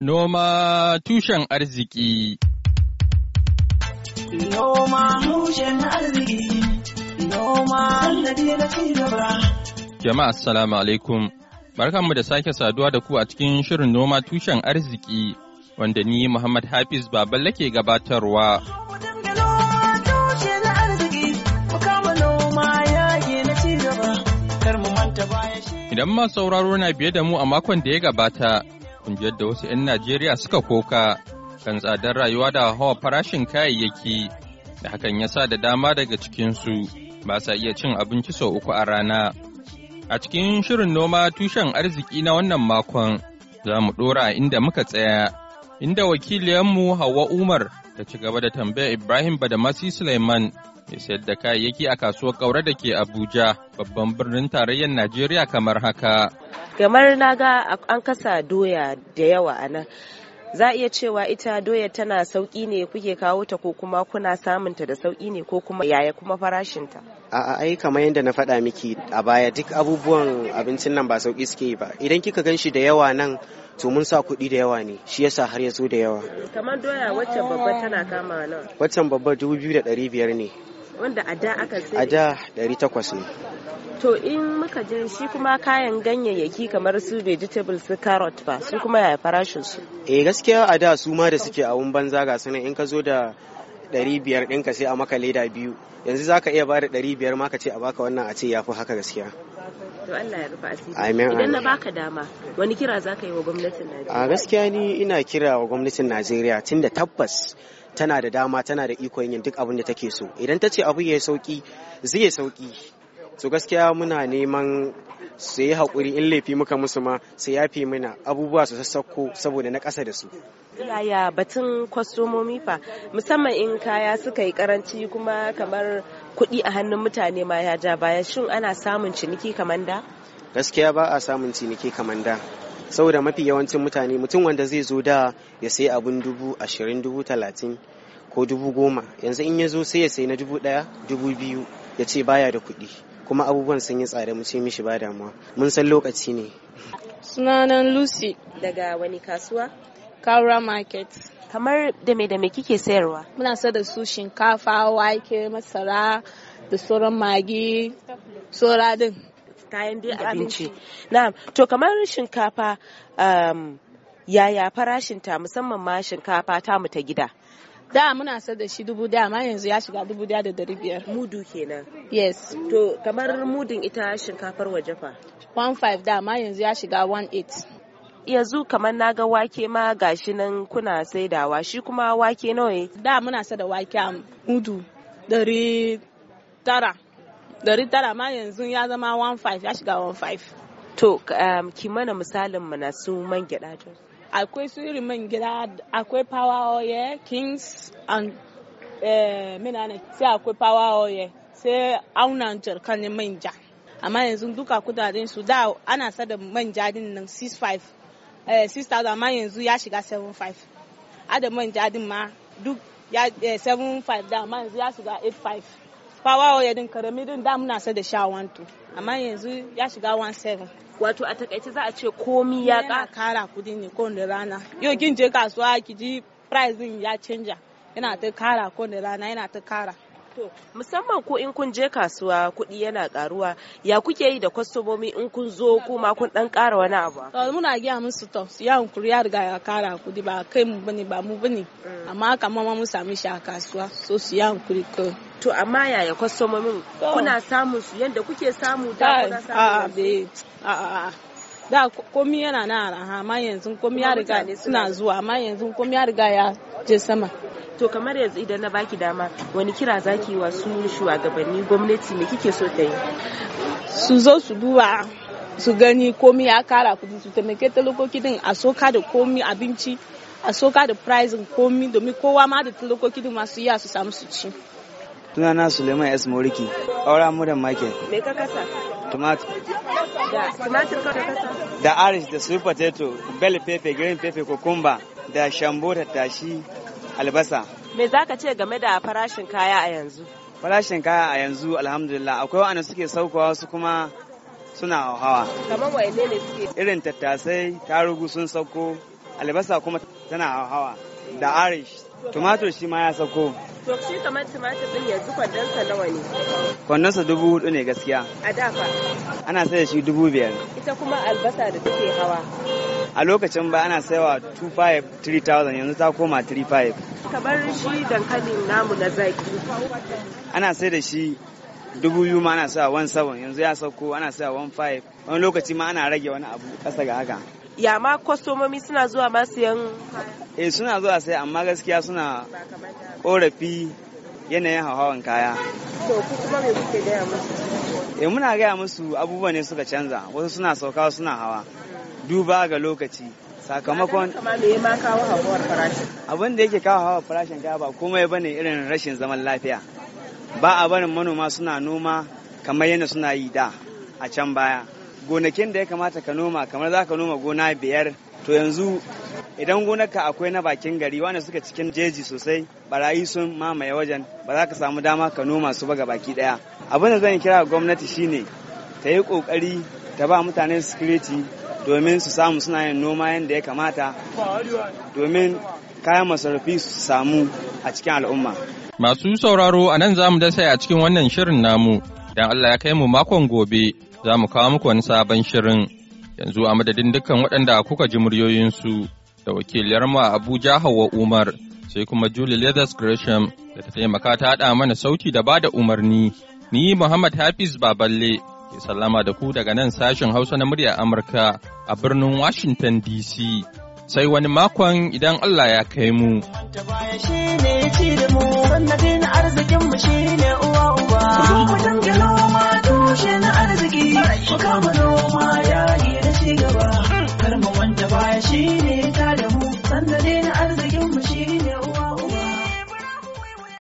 Noma tushen arziki Noma tushen arziki Noma tallafi Jama'a assalamu alaikum Barkanmu da sake saduwa da ku a cikin shirin noma tushen arziki wanda ni Muhammad Hafiz Baballe ke gabatarwa. Idan ma sauraro na biye da mu a makon da ya gabata kungiyar da wasu 'yan Najeriya suka koka kan tsadar rayuwa da hawa farashin kayayyaki da hakan ya sa da dama daga cikinsu ba sa iya cin abinci sau uku a rana. A cikin shirin noma tushen arziki na wannan makon za mu ɗora inda muka tsaya, inda wakiliyanmu Hauwa Umar ta ci gaba da tambaya Ibrahim Badamasi Suleiman mai sayar da kayayyaki a kasuwar ƙaura da ke Abuja babban birnin tarayyar Najeriya kamar haka. Gamar na ga an kasa doya da yawa a nan. za iya cewa ita doya tana sauki ne kuke kawo ta ko kuma kuna samunta da sauki ne ko kuma yaya kuma farashinta a ai kamar yadda na faɗa miki a baya duk abubuwan abincin nan ba sauki suke ba idan kika gan shi da yawa nan to mun sa kuɗi da yawa ne shi yasa har ya da yawa kamar doya waccan babba tana kama nan waccan babba dubu biyu da ɗari biyar ne wanda a da aka sai a da 800 ne to in muka je shi kuma kayan ganyayyaki kamar su vegetable su carrot ba su kuma yaya farashin su eh gaskiya a da su ma da suke a wun banza ga sanan in ka zo da ɗari biyar ɗinka sai a maka leda biyu yanzu za ka iya ba da ɗari biyar ma ka ce a baka wannan a ce ya fi haka gaskiya to Allah ya rufa asiri idan na baka dama wani kira za ka yi wa gwamnatin Najeriya a gaskiya ni ina kira wa gwamnatin Najeriya tunda tabbas tana da dama tana da ikon yin duk abin da take so idan ta ce abu ya sauki zai ya sauki su gaskiya muna neman su yi haƙuri in laifi muka musu ma su yafe mana abubuwa su sassauko saboda na ƙasa da su yaya batun kwastomomi fa musamman in kaya suka yi karanci kuma kamar kuɗi a hannun mutane ma ya ja baya shin ana samun ciniki kamar da gaskiya ba a samun ciniki kamar da saboda mafi yawancin mutane mutum wanda zai zo da ya sayi abin dubu ashirin dubu talatin ko dubu goma yanzu in ya zo sai ya sayi na dubu ɗaya dubu biyu ya ce baya da kuɗi kuma abubuwan sun yi tsada mu ce mishi ba damuwa mun san lokaci ne sunanan lucy daga wani kasuwa kawura market kamar da me da me kike sayarwa muna sayar da su shinkafa wake masara da sauran magi sauradin kayan dai abinci na'am to kamar shinkafa um, yaya farashin ta musamman ma shinkafa ta mu ta gida da muna sayar da shi dubu da amma yanzu ya shiga dubu da dari biyar mudu kenan yes to kamar mudun ita shinkafar waje fa 1.5 da amma yanzu ya shiga 1.8 yanzu kamar na ga wake ma gashi nan kuna saidawa shi kuma wake nawa da muna sada wake mudu dari tara ɗari tara ma yanzu ya zama 1.5 ya shiga 1.5 to um, mana misalin mu na su man gyaɗa akwai su irin man gida akwai power oil kings and eh, menene sai akwai power oil sai aunan jarkanin manja amma yanzu duka kudaden su da ana sada manja din nan 6.5 6,000 eh, amma yanzu ya shiga 7.5 ada manja din ma duk 7.5 eh, da amma yanzu ya shiga 8.5 fawa ya din karami din da muna sa da sha wanto amma yanzu ya shiga 17 wato a takaice za a ce komi ya kara kudi ne da rana yau kin je kasuwa ki ji price din ya canja yana ta kara da rana yana ta kara musamman ko in kun je kasuwa kuɗi yana karuwa ya kuke yi da kwastomomi in kun zo kuma kun dan kara wani abu to muna gaya musu to ya hankuri ya riga ya kara kuɗi ba kai mu bane ba mu bane mm. amma kamar mun sami shi a kasuwa so su ya hankuri kai to amma yaya kwastomomin kuna samun su yadda kuke samu da kuna samun da komi yana na araha amma yanzu komi ya riga suna zuwa amma yanzu komi ya riga ya je sama to kamar yanzu idan na baki dama wani kira zaki wa su shugabanni gwamnati me kike so ta yi su zo su duba su gani komi ya kara kudi su taimake talokoki din a soka da komi abinci a soka da pricing komi domin kowa ma da talakoki din masu iya su samu su ci Tunana Suleiman S. Moriki, Aura Mudan Market. Me ka kasa? Tumatur. Da tomato ka kasa? Da arish, da sweet potato, bell pepper, green pepper, cucumber, da shambo, tattashi, albasa. Me za ka ce game da farashin kaya a yanzu? Farashin kaya a yanzu alhamdulillah akwai wa'anda suke saukowa wasu kuma suna hawa. Kamar wa'anne ne suke? Irin tattasai, tarugu sun sauko, albasa kuma tana hawa. Da arish, tomato shi ma ya sauko. To shi kamar tumatir din yanzu kwandonsa nawa ne? Kwandonsa dubu hudu ne gaskiya. A da fa? Ana sayar da shi dubu biyar. Ita kuma albasa da take hawa. A lokacin ba ana saiwa 2,500, 3,000 yanzu ta koma 3,500. Kamar shi dankalin namu na zaki. Ana sai da shi dubu biyu ma ana sa one seven yanzu ya sauko ana sa one five wani lokaci ma ana rage wani abu kasa ga haka. Ya ma kwastomomi suna zuwa masu yan eh suna zuwa sai amma gaskiya suna korafi yanayin hauhawan kaya eh muna gaya musu abubuwa ne suka canza wasu suna sauka suna hawa duba ga lokaci sakamakon abin da yake kawo hawa farashin kaya ba komai bane irin rashin zaman lafiya ba a barin manoma suna noma kamar yadda suna yi da a can baya gonakin da ya kamata ka noma kamar za ka noma gona biyar to yanzu idan gonarka akwai na bakin gari wanda suka cikin jeji sosai barayi sun mamaye wajen ba za ka samu dama ka noma su ba ga baki daya abin da zan kira gwamnati shine ta yi kokari ta ba mutane security domin su samu suna yin noma yadda ya kamata domin kayan masarufi su samu a cikin al'umma masu sauraro a nan zamu dasa a cikin wannan shirin namu dan Allah ya kai mu makon gobe za mu kawo muku wani sabon shirin yanzu a madadin dukkan waɗanda kuka ji muryoyinsu da wakiliyar mu a Abuja Hauwa Umar sai kuma Julie Leathers Gresham da ta taimaka ta haɗa mana sauti da bada umarni. Ni Muhammad Hafiz Baballe ke sallama da ku daga nan sashen Hausa na murya Amurka a birnin Washington DC. Sai wani makon idan Allah ya kai mu. arzikin mu shine